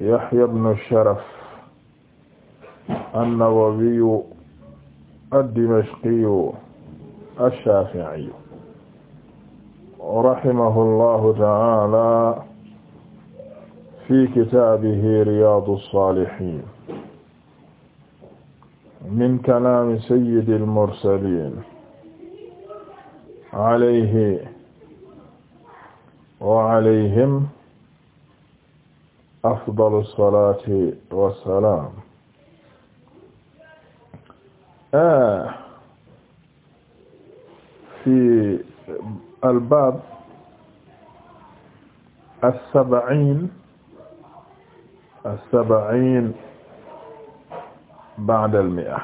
Yahya ibn Sharaf an-Nawawiyu ad-Dimashqiyu ash-Shafi'iyu rahimahullahu ta'ala fi kitaabihi Riyaadu s-Saalihiin min kalaami sayyidil mursaliin alayhi wa alayhim afdalu salaati wa salaam ah, fi albaab as-sab'iin as-sab'iin ba'da al-mi'a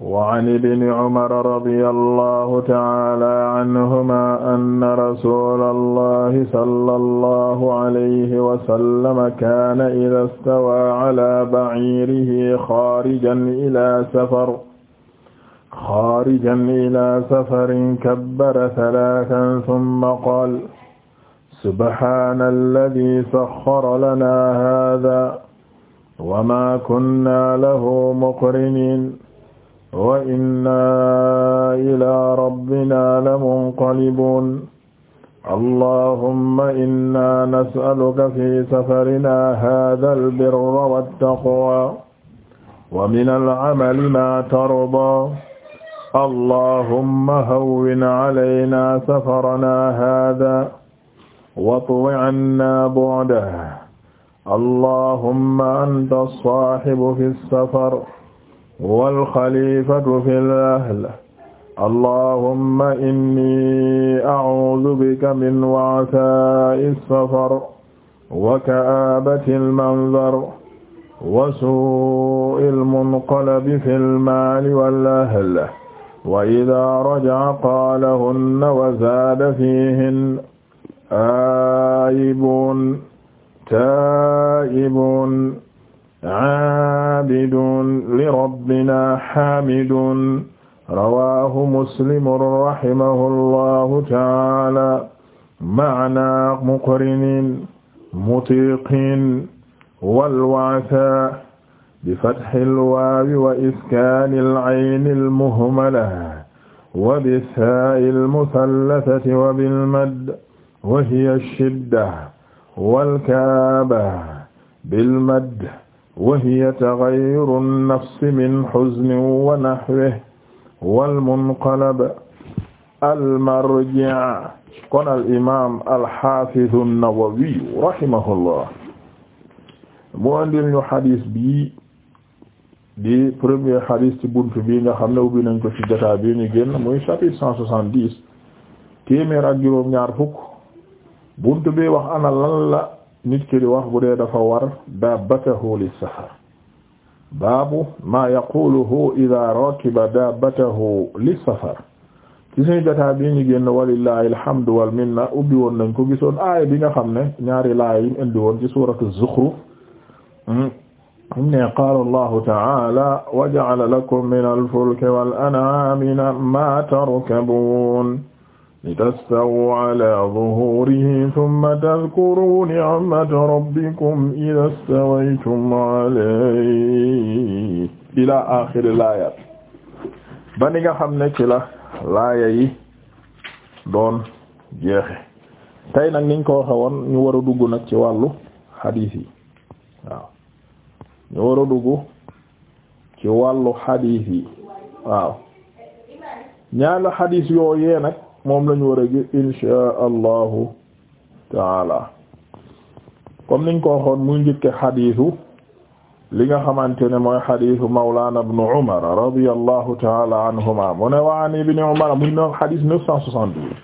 wa an ibni umara radiyallahu ta'ala anhuma anna rasulallahi sallallahu alayhi wa sallam kaana idha istawa ala ba'irihi xaarijan ila safar xaarijan ila safarin kabbara salaatan thumma qaala subhaana alladhi saxxara lana haadha wa maa kunna lahu muqriniin wa inna ila rabbina lamunqalibun allahumma inna nas'aluka fi safarina hadha albirra wattaqwa wa min al'amali ma tarda allahumma hawwin alayna safarana hadha watwi'anna bu'dahu allahumma anta as-sahibu fi as-safar wal xalifatu fil ahl allahumma inni a'uudu bika min wa'saa'i safar wa ka'aabatil manzar wa suu'il munqalabi fil maali wal ahli wa idhaa raja'a qaala hunna wa zaada fiihinna aa'ibuun taa'ibuun aabidun li rabbina xaamidun rawaahu muslimun rahimahullahu taala maana muqrinin mutiqin walwaasa bifathil waawi wa iskaanil aynil muhmala wa bisaa'il musallasati wa bilmadd wa hiya shidda walkaaba bilmadd wa hiya taxayru nnafsi min xuznin wa naxwihi wal munqalab al marji' kon al imaam al xaafidu Nawawi rahimahullah mu andil ñu xadis bii di premier xadis ci buntu bii nga xam ne ubbi nañ ko ci jotaay bi ñu génn muy chapitre cent soixante-dix téeméer ak juróom-ñaar fukk buntu bi wax ana lan nit ki di wax bu dee dafa war daabatahu lissafar baabu maa yaquluhu ida rakiba daabatahu lissafar ci suñu jotaa bi ñu génn walillahi alhamdu wal minna ubbi woon nañ ko gisoon aaya bi nga xam ne ñaari laaya yi indi woon ci suuratu zukhruf ne qaala allahu taala wa ja'ala lakum min alfulki wal an'aami ma tarkabuun لتستووا على ظهوره ثم تذكروا نعمة ربكم إذا استويتم عليه إلى آخر الآيات nga xam ne ci la laaya yi doon jeexe tey nag niñ ko waxe woon ñu war a dugg nag ci wàllu xadiis yi waaw ñu war a ci wàllu xadiis yi waaw ñaar la xadiis yooyee nag moom lañu war a gi insha allahu taala comme niñ ko waxoon muy njëkke xadiisu li nga xamante ne mooy xadiisu mawlana ibnu umar radiyallahu taala anhuma mu ne wa an ibni umar muy no xadiis neuf cent soixante-douze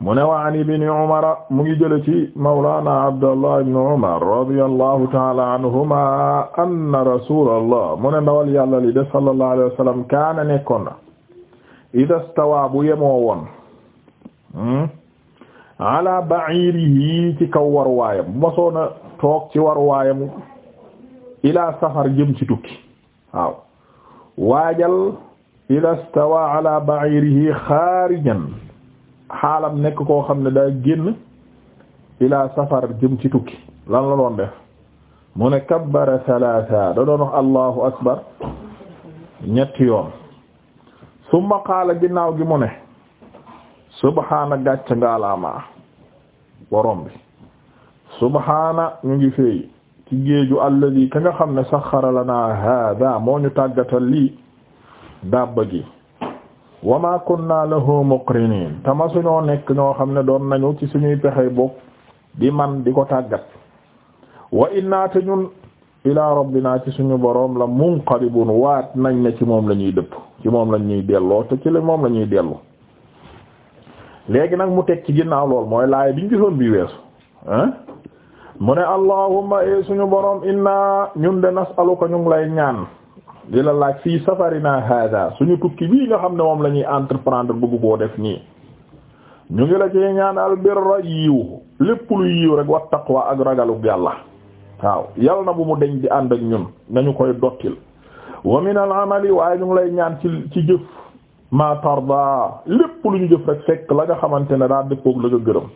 mu ne wa an ibni umar mu ngi jële ci mawlana abdallah ibnu umar radiyallahu taala anhuma anna rasulallah mu ne ndawal yàlla li de sallallahu alayhi wa sallam kaana nekkoon na ida stawa bu yemoo woon hmm, ala ba'irihi ci kaw war toog ci war waayam ila safar jëm ci tukki waaw waajal ida stawa ala ba'irihi xaarijan xaalam nekk koo xam ne da génn ila safar jëm ci tukki lan la doon def mu ne kabbara salaasa da doon allahu akbar ñetti yoon summa qaala ginnaaw gi mu ne subhaana gàcc ngaalaamaa borom bi subhaana ñu ngi feey ci géeju alladi ka nga xam ne saxara lanaa hada moo ñu tàggatal lii dàbba gi wa ma kunna lahu muqrinin tama suñoo nekk ñoo xam ne doon nañu ci suñuy pexe bokk di man di ko tàggat wa inna te ñun ilaa rabbinaa ci suñu boroom la munqalibun waat nañ ne ci moom la ñuy dëpp ci moom la ñuy delloo te ci la moom la ñuy dellu léegi nag mu teg ci ginnaaw lool mooy laay biñ gisoon bi weesu hein mu ne allahumma e suñu boroom inna ñun de ko ñu ngi lay ñaan di la laaj fii safarina hada suñu tukki bii nga xam ne moom la ñuy entreprendre bëggu boo def nii ñu ngi la ci ñaan albirra yiw lépp lu yiw rek wa taqwa ak ragalu yàlla waaw yal na bu mu deñ di ànd ak ñun nañu koy dottil wa amali waaye ñu ngi lay ñaan ci ci jëf ma lépp lu ñu jëf rek fekk la nga xamante ne daa dëppoog la nga gërëm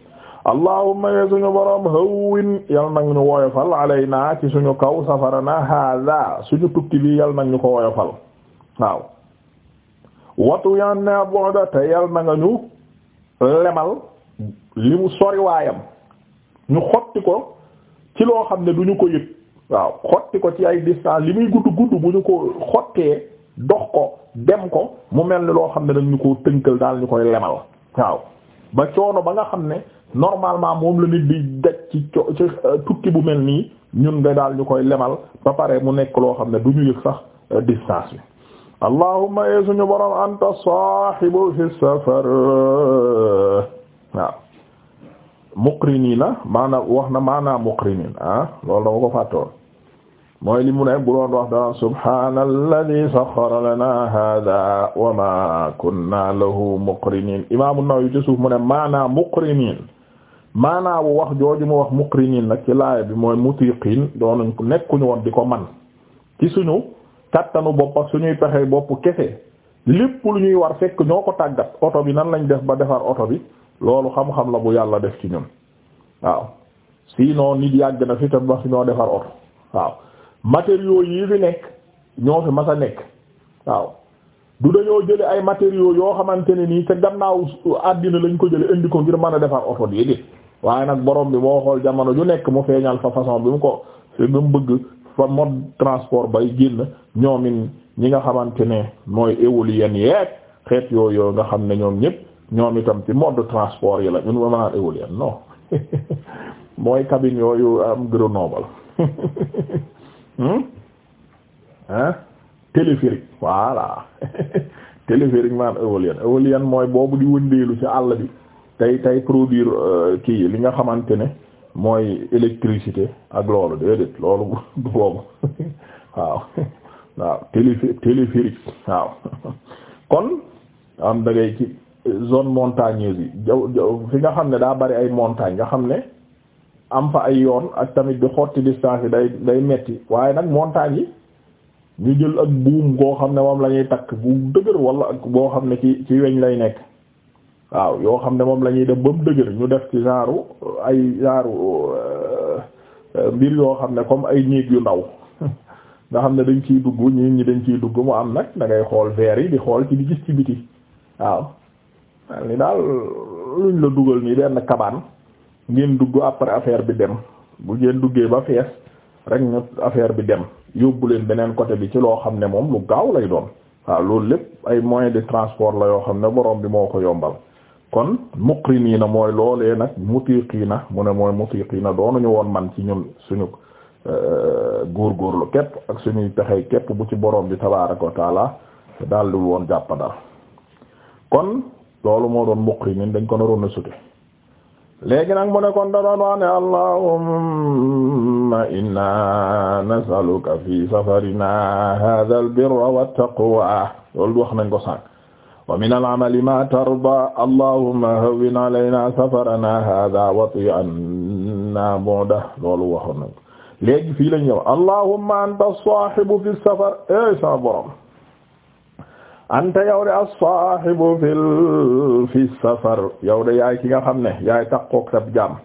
allahumma yee suñu borom hawwin yal nag ñu woyofal alayna ci suñu kaw safarana hada suñu tukki bi yal nag ñu ko woyofal waaw watu yan na bonda te yal na nga ñu lemal li mu sori waayam ñu xotti ko ci loo xam ne du ñu ko yëg waaw xotti ko ci ay distance li muy gudd gudd bu ñu ko xottee dox ko dem ko mu mel ni loo xam ne dañ ko tënkal daal ñu koy lemal waaw ba coono ba nga xam ne normalement moom la nit di daj ci co ci euh, tukki bu mel nii ñun nga daal ñu koy lemal ba pare mu nekk loo xam ne du ñu yëg sax euh, distance bi allahumma yeesuñu borom anta saahibu fi safar waaw muqriniina maanaam wax na maanaam muqrinin ah loolu dama ko fàttoon mooy li mu ne bu doon wax daan subhaanalladhi sakhkhara lana hadha wa ma kunna lahu muqrinin imaamu Nawawi ci suuf mu ne maanaam muqrinin maanaam wax jooju mu wax muqrinin nag ci laaya bi mooy mutiqiin doonuñ ko nekkuñu woon di ko man ci suñu kattanu bopp suñuy pexe bopp kese lépp lu ñuy war fekk ñoo ko tàggat oto bi nan lañ def ba defar oto bi loolu xam-xam la bu yàlla def ci ñoom waaw sinon nit yàgg na fi tam wax ñoo defar oto waaw matériaux yii fi nekk ñoo fi mas a nekk waaw du dañoo jële ay matériaux yoo xamante ne nii te gannaaw àddina lañ ko jële indi ko ngir mën a defar oto yi di waaye nag borom bi boo xool jamono ju nekk mu feeñal fa façon bi mu ko bi mu bëgg fa mode transport bay génn ñoomin ñi nga xamante ne mooy éoliennes yeeg xeet yooyu nga xam ne ñoom ñëpp ñoom itam ci mode de transport yi la ñun ma naan éolienne non mooy cabine yooyu am Grenoble hmm? hein téléphérique voilà téléphérique maanaam éolienne éolienne mooy boobu di wëndeelu ci àll bi tey tey produire euh, kii li nga xamante ne mooy électricité ak loolu déedéet loolu boobu waaw waaw télé téléphérique waaw kon am da ci zone montagneuse yi jaw jaw fi nga xam ne daa bari ay montagne nga xam ne am fa ay yoon ak tamit di xotti distance yi day day metti waaye nag montagne yi ñu jël ak buum goo xam ne moom la ñuy takk bu dëgër wala ak boo xam ne ci ci weñ lay nekk waaw yoo xam ne moom lañuy ñuy def ba mu dëgër ñu def ci genre ay genre euh, euh, mbir yoo xam ne comme ay néeg yu ndaw nga xam ne dañ ciy dugg ñii ñi dañ ciy dugg mu am nag da ngay xool verre yi di xool ci di gis ci biti waaw li daal luñ la dugal nii benn kabaan ngeen dugg après affaire bi dem bu ngeen duggee ba fees rek ñu affaire bi dem yóbbu leen beneen côté bi ci loo xam ne moom lu gaaw lay doon waaw loolu lépp ay moyen de transport la yoo xam ne borom bi moo ko yombal kon muqriniina mooy loolee nag mutiqiina mu ne mooy mutiqiina ñu woon man ci ñun suñu góor euh, góor lu képp ak suñuy pexey képp bu ci boroom bi tabaaraka wa taala daal woon jàppa dal kon loolu moo doon muqrin dañ ko naroon a sute léegi nag mu ne kon da doon wax ne allahumma inna nasaluka fi safarina hadha al birra wat taqwa loolu wax nañ ko sànq wa min al amali ma tarda allahumma hawwin alayna safarana hadha wati anna bu'da loolu waxoon nañ léegi fii lañ ñëw allahumma anta sahibu fi safar ay eh, sa borom anta yow de as-saahibu fi safar yow de yaay ki nga xam ne yaay takkook sab jaam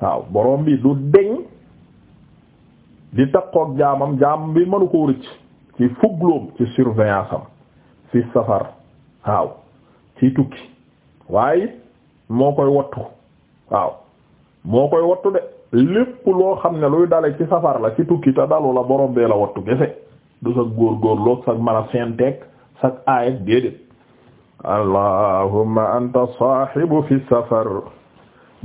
waaw borom bi du deñ di takkook jaamam jaam bi mënu koo rëcc ci fugloom ci surveillance am fi safar waaw ci tukki waaye moo koy wattu waaw moo koy wattu de lépp loo xam ne luy dale ci safar la ci tukki te dalu la borom bee la wattu gese du sa góor góorloog sa mën a seen teg sak aayat déedéet allahumma anta saahibu fi safar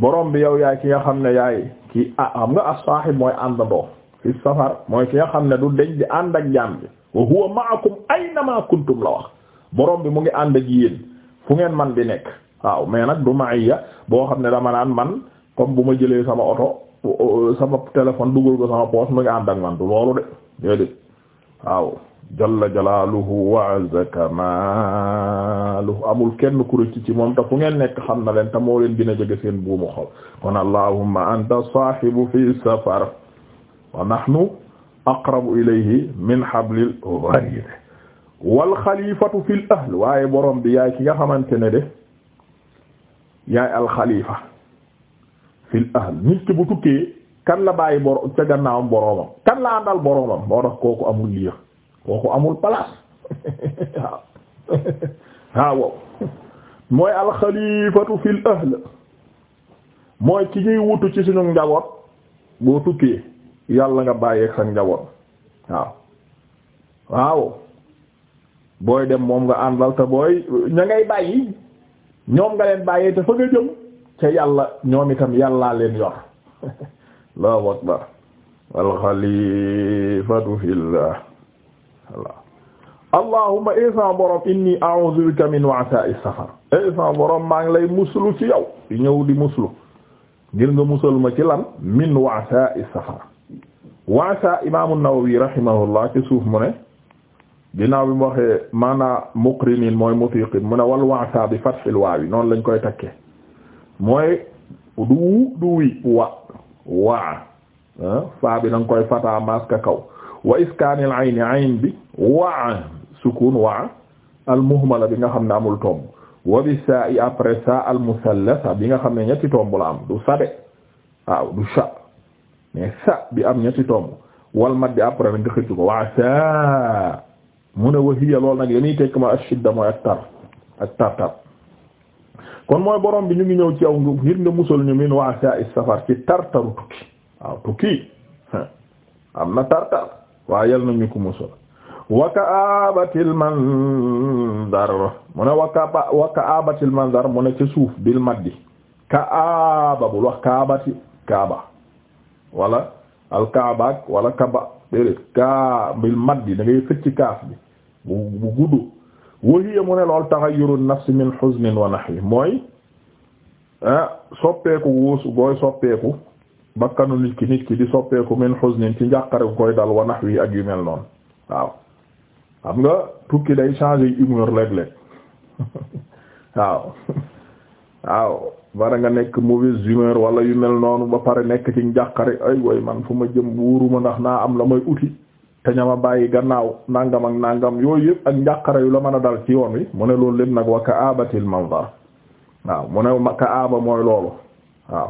borom bi yow yaay ki nga xam ne yaay ki ah xam nga as-saahib mooy àndandoo fi safar mooy ki nga xam ne du deñ di ànd ak jaam bi wa huwa ma'akum aynama kuntum la wax borom bi mu ngi ànd ak yéen fu ngeen man di nekk waaw mais nag du ma'iya boo xam ne dama naan man comme bu ma jëlee sama oto sama téléphone dugal ko sama poche mu ngi ànd ak man du loolu de déedéet waaw jalla jalaaluhu wa azza kamaaluhu amul kenn ku rëcc ci moom te fu ngeen nekk xam na leen te moo leen gën a jege seen buumu xol kon allahumma anta saahibu fi safar wa nahnu aqrabu ilayhi min hablil warid wal xalifatu fil ahl waaye borom bi yaay ki nga xamante ne de yaay al xalifa fil ahl nit ki bu tukkee kan la bàyyi bor ca gannaawam boromam kan la àndal boromam moo kooku amul liir kooku amul place waaw mooy alxalifatu fil ahl mooy ki ñuy wutu ci suñu njaboot boo tukkee yàlla nga bàyyeeg sa njaboot waaw waaw booy dem moom nga àndal te booy ña ngay bàyyi ñoom nga leen bàyyee te fa nga jëm ca yàlla ñoom itam yàllaa leen yor Allahu akbar alxalifatu fillah voilà allahumma isa eh borom inni a'udhu bika min wa'sa'i safar isa eh maa ngi lay muslu ci yow ñëw di muslu ngir nga musal ma ci lan min wa'sa'i safar wa'sa imaamu Nawawi rahimahullah ci suuf mu ne ginnaaw bi mu waxee maanaa muqrinin mooy mutiqin mu ne wal wa'sa bi fathil waawi noonu lañ koy takke mooy du du wi wa waa ah, faa bi danga koy fataa maska kaw wa iskaanil ayni ayn bi waa sukun waa almuhmala bi nga xam ne amul tomb wa bi saa après saa almusallasa bi nga xam ne ñetti tomb la am du sade waaw du sha mais sa bi am ñetti tomb wal mat di après nga xëcc ko a saa mu ne wahiya lool nag dañuy tekk ma ashidda mooy ak tar ak tar tar kon mooy borom bi ñu ngi ñëw ci aw ngir nga musal ñu min waa saa i safar ci tar taru tukki waaw tukki am na tar tar waa yal nañu ko musal waka abatil mandar mu ne waka waka abatil mandar mu ne ca suuf bil maddi ka aaba bul kaabati kaaba wala al kaabaak wala kaba déedéet kaa bil maddi da ngay fëcc kaaf bi bu gudd wahiya mu ne lool taxayyuru nafsi min huznin wa nahwi mooy ah soppeeku wuusu booy soppeeku bakkanu nit ki nit ki di soppeeku min huznin ci njàqare ku koy dal wa nahwi ak yu mel noonu waaw xam nga tukki day changer humeur léeg-léeg waaw waaw bara nga nekk mauvaise humeur wala yu mel noonu ba pare nekk ci njàqare ay way man fu ma jëm wuuruma ndax naa am la may uti te ñama bàyyi gannaaw nangam ak nangam yooyu yëpp ak njàqare yu la mën a dal ci yoon wi mu ne loolu lépp nag wa ka abatil manzar waaw mu ne ma ka aaba mooy loolu waaw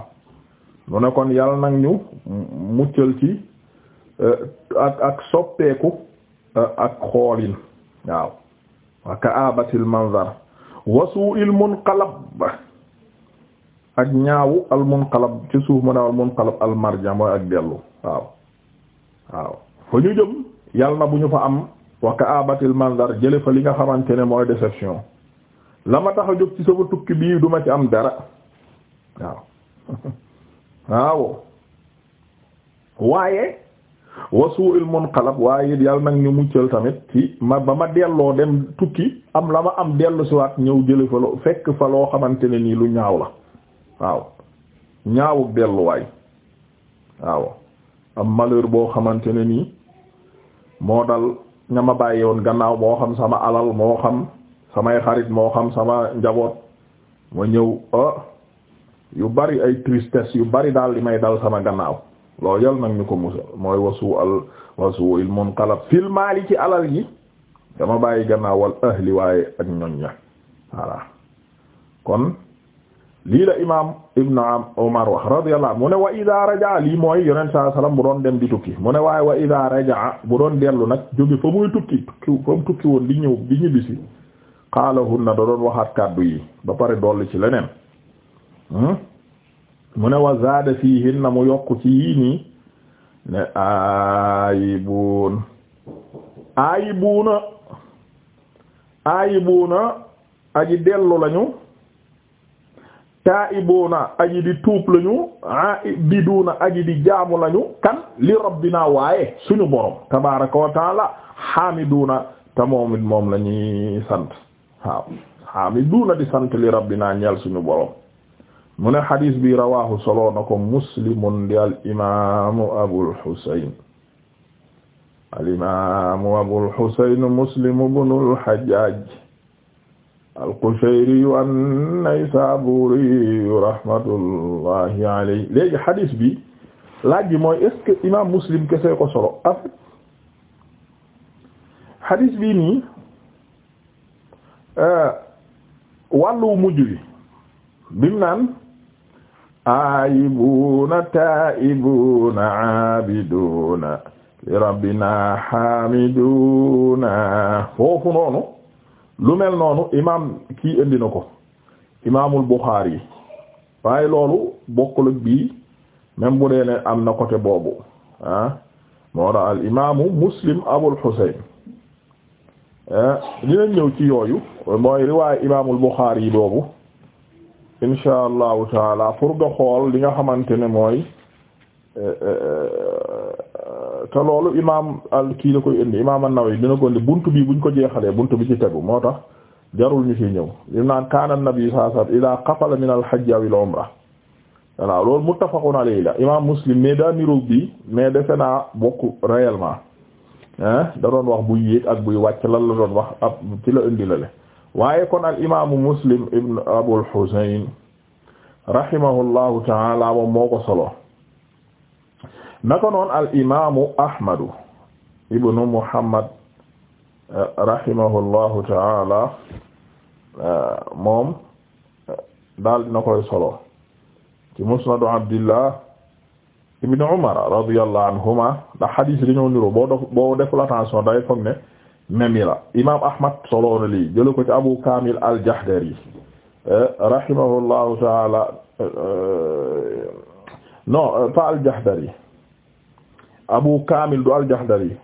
mu ne kon yàlla nag ñu muccal ci euh, ak ak soppeeku euh, ak xoolin waaw wa ka'abatil manzar wa su'il munqalab ak ñaawu al munqalab ci suuf mu ne al munqalab al marja mooy ak dellu waaw waaw fa ñu jëm yàlla bu ñu fa am wa ka'abatil manzar jële fa li nga xamante ne mooy déception la ma tax a jóg ci sama tukki bii duma ci am dara waaw waaw waaye wa su'il munqalab waaye it yàlla nag ñu muccal tamit ci ma ba ma delloo dem tukki am la ma am dellu siwaat ñëw jële fa loo fekk fa loo xamante ne nii lu ñaaw la waaw ñaawuk delluwaay waaw am malheur boo xamante ne nii moo dal ña ma bàyyi woon gannaaw moo xam sama alal moo xam samay xarit moo xam sama njaboot ma ñëw ah, yu bari ay yu bari daal li may dal sama gannaaw loolu yal nag ñu ko musal mooy wasu al wasu il munqalab fil ci alal yi dama bàyyi gannaaw wal ahli waaye ak ñoñ ña voilà kon lii la imaam ibn am Umar wax radiyallahu anhu mu ne wa ida rajaa lii mooy yonent saa sallam bu doon dem di tukki mu ne waaye wa ida rajaa bu doon dellu nag jóge fa muy tukki tukki fa mu tukki woon di ñëw di ñibbisi xaalahun na da doon waxaat kàddu yi ba pare dolli ci leneen mu ne wa zaada fiihinna mu yokk ci yii nii ne aayibuun aayibuuna aayibuuna aji dellu lañu taa'ibuuna aji di tuub lañu aabiduuna aji di jaamu lañu kan li rabbina waaye suñu borom tabaaraka wa taala xaamiduuna te moom it moom lañuy sant waaw xaamiduuna di sant li rabbina ñeel suñu borom mune ne xadis bi rawaahu solo na ko muslimun di al imaamu abul xusayn al imaamu abul xusayn al qushayri an-naysaabuuri rahmatullahi alayhi léegi xadis bi laaj bi mooy est-ce que imaam muslim kese solo af xadis bi nii euh, wàllu mujj bi bim aayibuna taibuna abiduna rabbina hamiduna foofu noonu lu mel noonu imam kii indi na ko imaamul Buxaari yi loolu bokkul ak bii même bu dee am na côté boobu ah moo tax al imaamu Muslim Abul Husayn ah, dinañ ñëw ci yooyu mooy riwaayu imaamul Buxaari yi boobu insha allahu taala pour nga xool li nga xamante ne mooy eh, eh, eh, te loolu imaam al kii la koy indi imaam an-Nawawi dina ko indi bunt bii buñ ko jeexalee buntu bi ci tegu moo tax jarul ñu fi ñëw lim naan kaana an-nabi sallallahu alayhi wasallam idaa qafala min al-hajj aw al-umra voilà loolu muttafaqun alayhi la imaam Muslim mais daal niroog bi mais defe naa bokk réellement ah da doon wax buy yéeg ak buy wàcc lan la doon wax ab ci la indi la le waaye kon al imaamu muslim ibn abul husayn rahimahullahu taala moom moo ko solo naka noon al imaamu ahmadu ibnu muhammad rahimahullahu taala moom daal dina koy solo ci musnadu abdillah ibnu umar radiyallahu anhuma ndax xadiis dañoo niroo boo def boo deful attention même la imaam Ahmad solo na lii jëlee ko ci Abu Kamil al-Jahdari eh, rahimahullahu taala eh, non eh, pas al-Jahdari Abu Kamil du al-Jahdari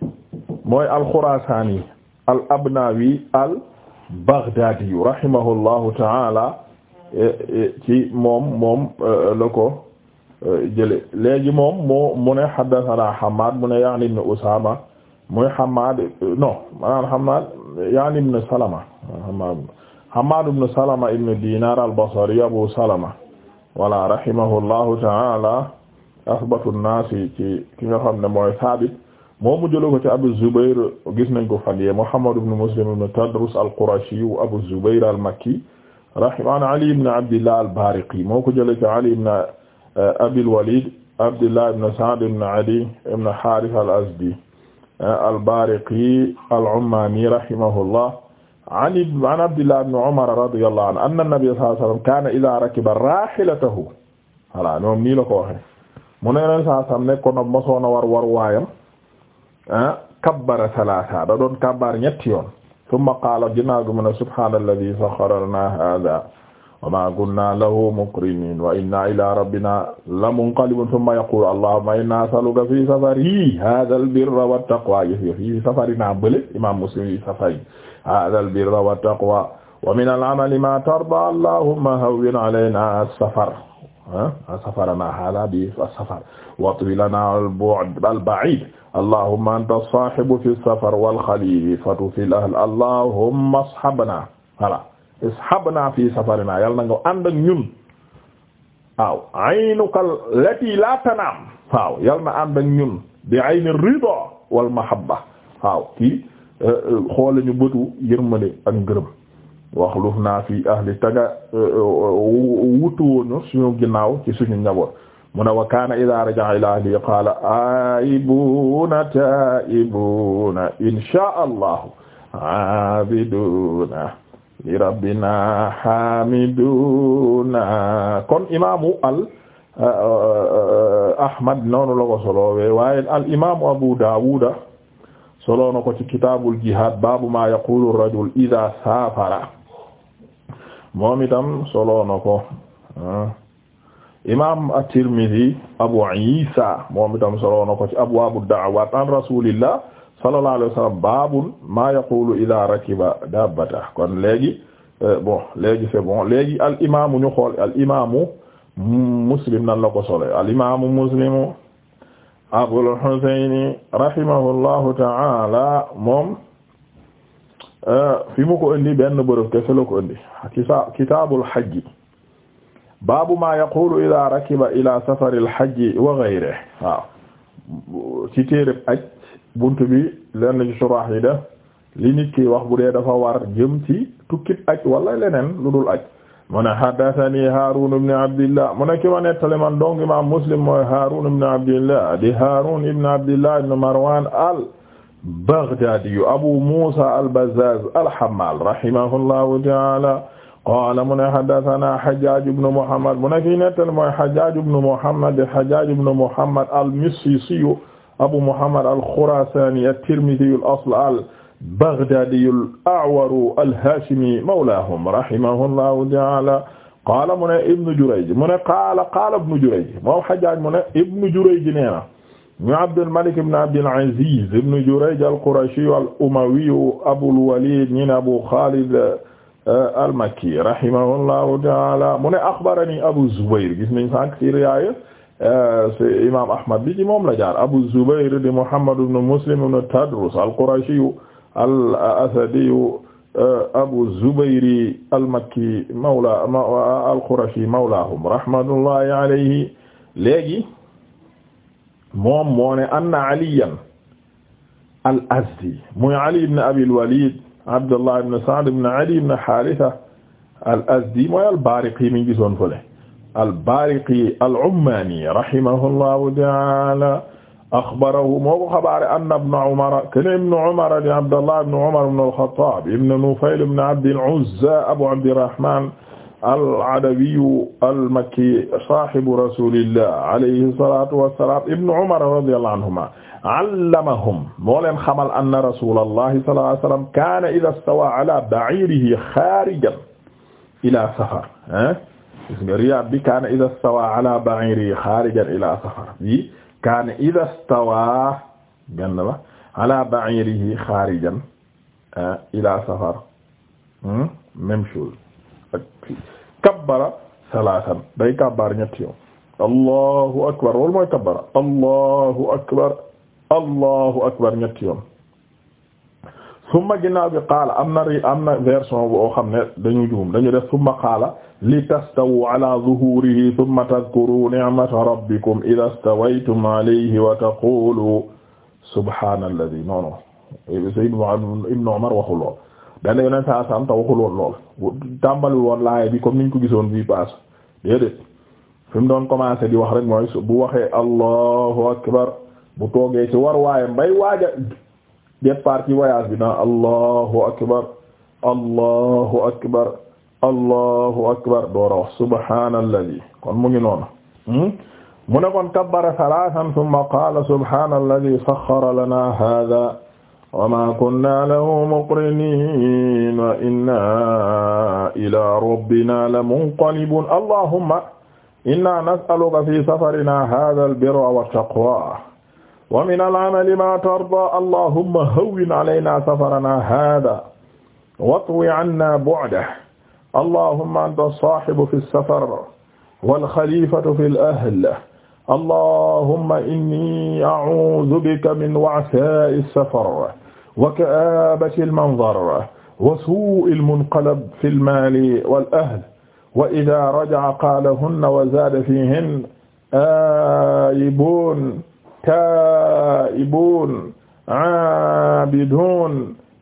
mooy al-Khurasani al-Abnawi al-Baghdadi rahimahullahu taala ci moom moom la ko jëlee moom moo mu ne Hammad mu ne ya'ni ibn mooy Hammaad non maanaam Hammaad yaani ibn Salama Hammaad Hammaad ibn Salama ibn Dinar al-Basri Abu Salama voilà rahimahullahu ta'ala asbatu naasi ci ki nga xam ne mooy Saabit moom mu jëloo ko ci Abu Zubayr gis nañ ko fan yee Muhammad ibn Muslim ibn Tadrus al-Qurashi Abu Zubayr al-Makki rahimahu an Ali ibn Abdillah al-Bariqi moo ko jëlee ci Ali ibn euh, Abil Walid Abdillah ibn Sa'd ibn Ali ibn Harith al-Azdi al-Bariqi al-Ummani rahimahullah an Abdillah ibn Umar radiyallahu anhu anna an-nabiyya sallallahu alayhi wa sallam kaana idhaa rakiba raahilatahu voilà ñoom nii la ko waxee mu ne leen saa sam nekkoon na mosoon a war war waayam ah kabbara salaasa da doon kabbar ñetti yoon thumma qaala ginnaaw gi mu ne subhaana alladhii sakhkhara lanaa haadhaa wa ma kunna lahu mukrinin wa inna ila rabbina lamunqalibun thumma yaqulu allahumma inna as'aluka fi safari hadha albirra wattaqwa gis nga fi safari naa bële imam muslim fi safari hadha albirra wattaqwa wa min al'amali ma tarda allahumma hawwin alayna as-safar safarana hadha bi as-safar watwi lana al-bu'd al-ba'id allahumma anta as-sahibu fi as-safar wal khalifatu fil ahl allahumma ashabna voilà ishabna fi safarina yàlla na nga ànd ak ñun waaw aynuka allati la tanaam waaw yàlla na ànd ak ñun bi ayni rida wal mahabba waaw kii eh, eh, xoole ñu bëtu yërmande ak ngërëm wax luf naa fi ahli taga eh, wutu woñu suñu ginnaaw ci suñu njaboot mu ne wa kaana idaa raja'a ilaa ahlihi qaala aaibuuna taa'ibuuna inshaa allahu aabiduuna li rabbina hamiduna kon imaamu al uh, uh, ahmad noonu la solowee waaye al imaamu abu daawuda solo na ko ci kitaabul jihaad baabu ma yaqulu rajul idaa saafara moom itam ko uh, imaam at-tirmidhi abu isa moom ci abwaabu an rasulillah sallallahu alayhi wa sallam baabul maa yaqulu ida rakiba dabbata kon léegi euh, bon léegi c'est muslim nan la ko solo al imaamu muslimu abul husayni ta'ala moom euh, fi mu ko indi benn bërëb kese la ko indi kitaabul hajj baabu maa yaqulu ida rakiba ila safaril hajj wa ghayrihi waaw ci téereb aj buntu bi lenn ci suraax i def li nit ki wax bu dee dafa war jëm ci tukkib ak wala leneen lu dul aj mu ne haddathani Haarun ibn Abdillah mu ne ki ma nettali man dong imaam Muslim mooy Haarun ibn Abdillah di Haarun ibn Abdillah ibn Marwan al-Baghdadi Abu Musa al-Bazzaz al-Hammal rahimahullahu ta'ala qaala mu ne haddathana Hajjaj ibn Muhammad mu ne ki nettali mooy Hajjaj ibn Muhammad di Hajjaj ibn Muhammad al-Missisi abu muhammad al-khurasani at-tirmidhi al-asl al-baghdadi al-a'war al-hashimi mawlahum rahimahullahu ta'ala qaala mu ne ibnu jurayj mu ne qaala qaala ibnu jurayj moom hajjaj mu ne ibnu jurayj nee na ñu abdul malik ibn abdul aziz ibnu jurayj al-qurashi al-umawi abul walid ñi ne abu khalid uh, al-makki rahimahullahu ta'ala mu ne akhbarani abu zubayr gis nañ sànq si riwaaya Euh, imam ahmad bi ci moom la jaar abu zubayr di muhammad ibn muslim ibn tadrus al-qurashiyu al-asadiyu euh, abu zubayri al-makki mawla al-qurashi mawlahum rahmatullahi alayhi léegi moom moo ne anna aliyan al-azdi muy ali ibn abi al-walid abdullah ibn sa'd ibn ali ibn haritha al-azdi mooy al-bariqi mi gisoon fële al-Bariqi al-Ummani rahimahullahu ta'ala axbarahu moo ko xabaare anna ibna Umar kaana ibnu Umar di Abdallah ibnu Umar ibnu al-Khattab ibnu Nufayl ibnu Abdi al-Uzza Abu Abdirrahman al-Adawiyu al-Makki saahibu rasulillah alayhi salaatu wa salaam ibnu Umar radiyallahu anhuma allamahum moo leen xamal anna rasulallahi sallallahu alayhi wa sallam kaana idaa stawaa alaa ba'iirihi xaarijan ilaa safar gis nga riyaad bi kaana ida stawa ala ba'iri xaarijan ila safar bi kaana ida stawa benn la ala ba'irihi xaarijan ah, ila safar hmm, même chose ak kabbara salaasan day kabbar ñetti yoon allahu akbar loolu mooy kabbara allahu akbar allahu akbar ñetti yoon summa ginnaaw bi qaala am na am na version boo xam ne dañu juum dañu def summa qaala li tastawu ala zuhurihi summa tadkuru ni'mata rabbikum idha stawaytum alayhi wa taqulu subhana alladhi non non sayyidna ibnu umar waxul lool dana yoneen saa sam te waxul woon lool tàmbali woon laaya bi comme niñ ko gisoon bii paas déedéet fi mu doon commencé di wax rek mooy bu waxe allahu akbar bu toogee ci war waaye mbay waaja départ ci voyage bi naa allahu akbar allahu akbar allahu akbar doora wax subhaanalladi kon mu ngi noonu hmm? mu ne kon kabbara salaasan thumma qaala subhaanalladi saxxara lanaa haadaa wa maa kunnaa lahu muqriniin wa innaa ilaa rabbinaa lamunqalibuun allahumma innaa nas'aluka fii safarinaa haadhaa albirra wattaqwaa wa min al-amali ma tarda allahumma hawwin alayna safarana hadha watwi anna bu'dahu allahumma anta as-sahibu fi as-safar wal khalifatu fil ahl allahumma inni a'udhu bika min wa'sa'i as-safar wa ka'abati al-manzar wa suu'i al-munqalab fi al-mali wal ahl wa idha raja'a qalahunna wa zada fihin ayibuun taa'ibun aabidun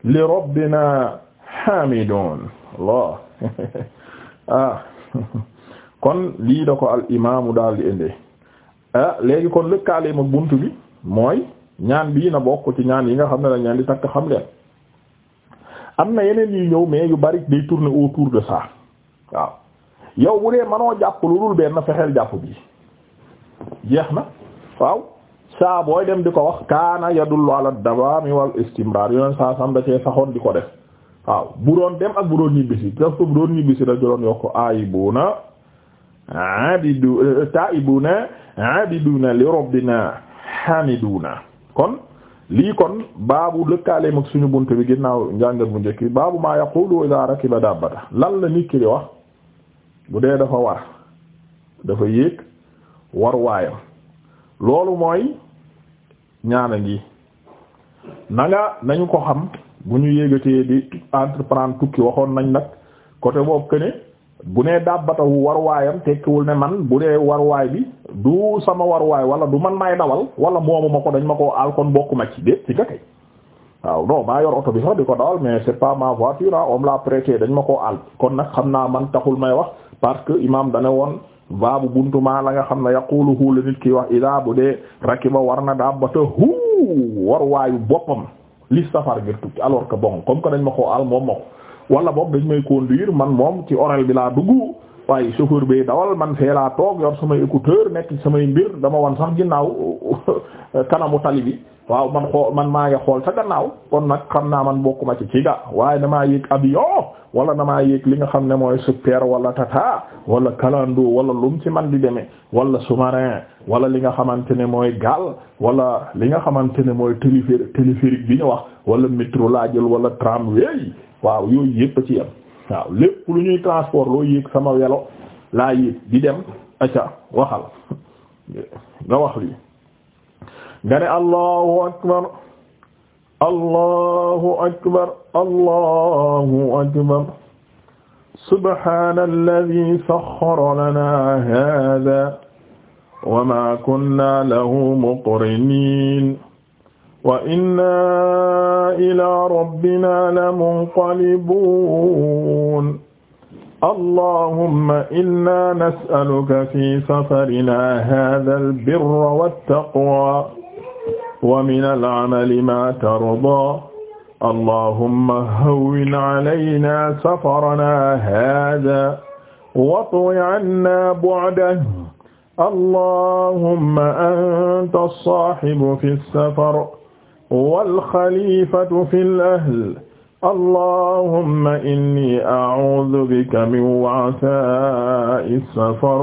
li rabbina haamidun Allah ah kon lii da ko al imaamu daal di indee ah léegi kon lëkkaale ma buntu bi mooy ñaan bii na bokk ci ñaan yi nga xam ne dañ ñaan di takk xam leen am na yeneen yu ñëw mais yu bari day tourner autour de ça waaw yow bu dee mënoo jàpp lu dul benn fexeel jàpp bi jeex na waaw saa booy dem di ko wax kaana yadullu ala dawaami wal istimrar yoneen saa sam da cee saxoon di ko def waaw bu doon dem ak bu doon ñibbisi daf ko bu kon lii kon baabu lëkkaaleem ak suñu bunt bi ginnaaw njàngat bu njëkk bi baabu maa yaqulu idaa rakiba dabbata lan la nit ki di wax bu dee dafa war dafa yéeg war waayam loolu mooy ñaana ngi na nga nañu ko xam bu ñu yégatee di entreprendre tukki waxoon nañ nag côté boobu que ne bu nee dàbbatawu warwaayam tekkiwul ne man bu dee warwaay bi du sama warwaay wala du man maay dawal wala moomu ma ko dañ ma ko aal kon bokk ma ci déet ci nga kay waaw non maa yor oto bi sax di ko dawal mais c'est pas ma voiture ah on l'a prêté dañ ma ko aal kon nag xam naa man taxul may wax parce que imam dane woon baabu buntu maa la nga xam ne yaquluhu la nit ki wax ida bu dee rakiba war na dabbatahu war waayu boppam li safar ngir tukki alors que bon comme que dañ ma ko al moom ma ko wala boog dañ may conduire man moom ci orel bi laa dugg waaye chauffeur bi dawal man fee laa toog yor samay écouteur nekk samay mbir dama wan sax ginnaaw kanamu tali bi waaw man xool man maa ngi xool sa gannaaw kon nag xam naa man bokkuma ci ci ga waaye damaa yéeg avion wala damaa yéeg li nga xam ne mooy super wala tata wala kalando wala lum ci man di demee wala sous-marin wala li nga xamante ne mooy gaal walla li nga xamante ne mooy téléphérique téléphérique bi ñu wax wala métro laa jël wala tramway waaw yooyu yëpp ci yam waaw lépp lu ñuy transport loo yéeg sama welo laa yéeg di dem aca waxal nga wax lii nga ne allahu akbar allahu akbar allahu akbar subhaana allazii saxxara lanaa haazaa wa maa kunnaa lahu muqriniin wa innaa ilaa rabbinaa lamunqalibuun allahumma innaa nas'aluka fii safarinaa haazal birra wattaqwaa wa min al-amali ma tardaa allahumma hawwin alaynaa safaranaa haadaa watwi annaa bu'dahu allahumma anta as-saahibu fi as-safar wal xaliifatu fil ahl allahumma inni a'uudu bika min wa'saa'i as-safar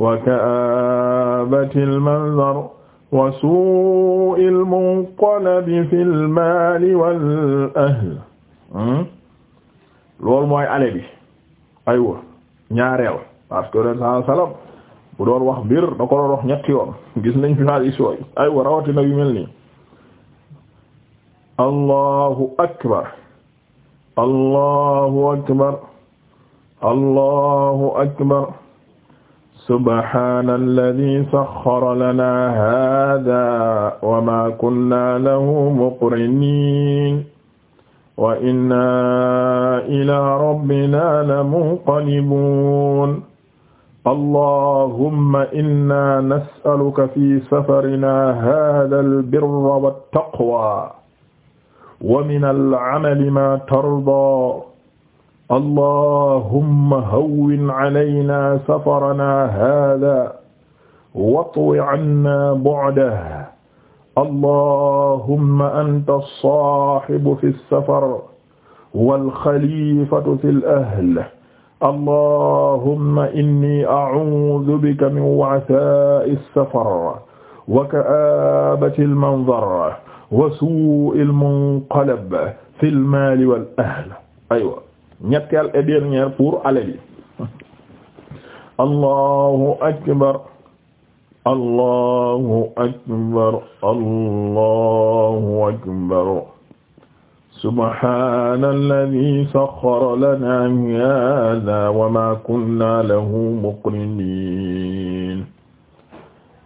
wa ka'aabatil manzar wa suu'il munqalabi fil maali wal hmm? mooy ale bi aywa ñaareel parce que ren saa salaam wax mbir da ko doon wax gis nañ fi maa gis yooyu aywa rawatina yu mel nii. allahu akbar allahu akbar allahu akbar. subhaana alladi saxxara lanaa haadaa wa maa kunnaa lahu muqriniin wa innaa ilaa rabbinaa lamunqalibuun allahumma innaa nas'aluka fii safarinaa haadal birra wattaqwaa wa minal amali maa tardaa allahumma hawwin alaynaa safaranaa haadaa watwi cannaa bu'dahu allahumma anta as-saahibu fi as-safar wal xaliifatu fil ahl allahumma inni a'uudu bika min wa'saa'i as-safar wa ka'aabati al-manzar wa suu'i al-munqalab fil maali wal ahl aywa ñetteel et dernière pour ale bi allahu akbar allahu akbar allahu akbar subhana alladi saxara lana hada wa ma kunna lahu muqrinin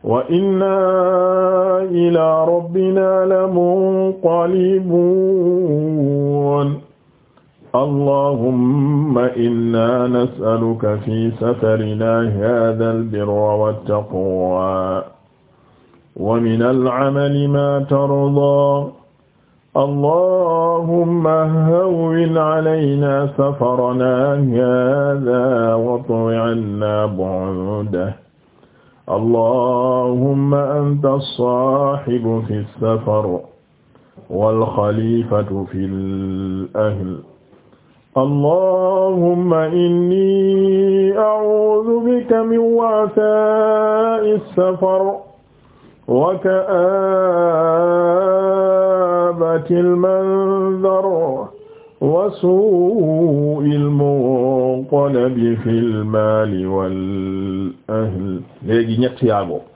wa inna ila rabbina lamunqalibun allahumma inna nas'aluka fi safarina hadha albirra wattaqwa wa min al'amali ma tarda allahumma hawwin alayna safarana hadha watwi 'anna bu'dahu allahumma anta as-saahibu fi as-safar wal-khaliifatu fil ahl allahumma inni a'uudu bika min wa'saa'i safar wa ka'aabati al-manzar wa suu'i al-munqalabi fi al-maali wal-ahl léegi ñett yaago